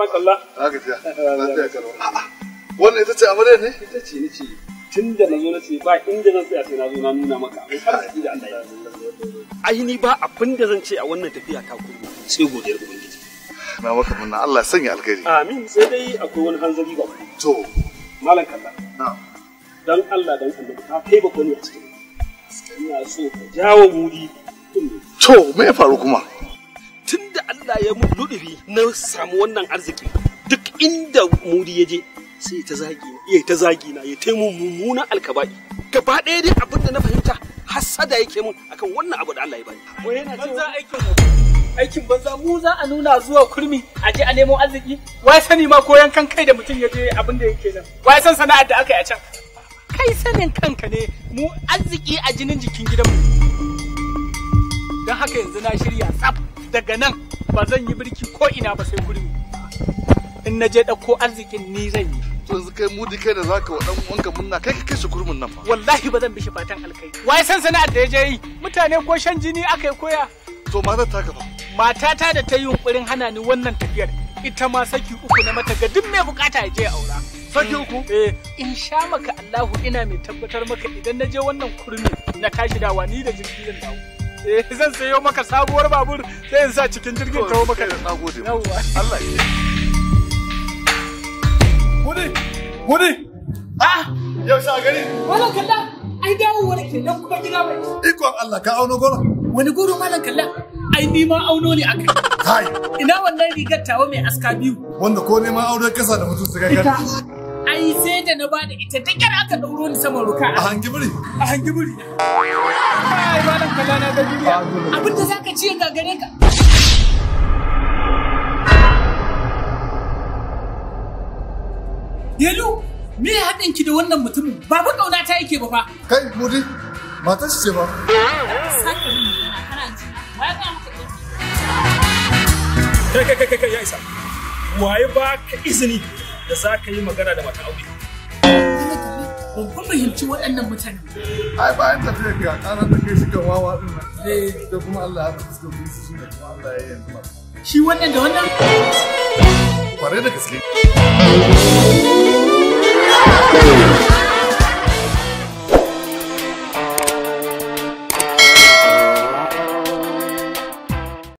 tabarakallah haka ce lafiya kalwa wannan ita ce ne ita ce ni ce tun da na zo na ce ba inda zan tsaya sai na zo na nuna maka ai ni ba abin da zan ce a wannan tafiya ta kuma sai godiyar ubangiji na maka munna Allah sanya alkhairi amin sai dai akwai wani hanzari ba to malam dan Allah dan annabi ka kai ba ne a cikin ina so ka jawo muri to me ya faru kuma tun da Allah ya ludubi na samu wannan arziki duk inda muri ya je sai ta zagi ya ta zagi na ya taimu mummunan alkaba'i gaba ɗaya dai abin da na fahimta hasada yake mun akan wannan abu da Allah ya bani mu yana banza aikin aikin banza mu za a nuna zuwa kurmi a je a nemo arziki wai sani ma koyan kan kai da mutum ya je abin da yake nan wai san sana'ar da aka yi a can kai sanin kanka ne mu arziki a jinin jikin gidanmu don haka yanzu na shirya tsaf daga nan ba zan yi birki ko ina ba sai gurmi in na je ɗauko arzikin ni zan yi to yanzu kai mu kai da zaka wa dan wanka munna kai ka kai su kurmin nan ba wallahi ba zan bishi fatan alkai wai san sana'ar da ya je yi mutane ko shan jini aka koya to matar ta gaba matata da ta yi yunkurin hana ni wannan tafiyar ita ma saki uku na mata ga duk mai bukata ya je aura saki uku eh in sha maka Allahu ina mai tabbatar maka idan na je wannan kurmin na tashi dawa ni da jirgin dawo eh zan sayo maka sabuwar babur sai in sa cikin jirgin kawo maka na gode Allah ya gudi gudi ah yau sa gari wala kalla ai wani kenan kuma gida bai ikon Allah ka auno gona wani goro malam kalla ai ni ma auno ne aka kai ina wannan rigar tawo mai aska biyu wanda ko ne ma aure kasa da mutum su ga ita ai sai da na bada ita da kyar aka ɗauro ni saman ruka a hangi buri a hangi buri ai malam kalla na ga duniya abin da zaka ci ga gare ka Yalu, me ya haɗin ki da wannan mutumin? Ba fa ƙauna ta yake ba fa. Kai, Mudi, matar ce ba. Sake min magana kana ji. Wa ya maka Kai kai kai kai ya isa. Waye ba ka izini da za ka yi magana da mata aure. Babban fahimci waɗannan mutane. Ai yin tafiya ga ƙara ta kai shi ga wawa ɗin nan. Eh. Da kuma Allah ya fuska ku su shi ne kuma Allah ya yanzu Shi wannan da wannan? Kware da gaske.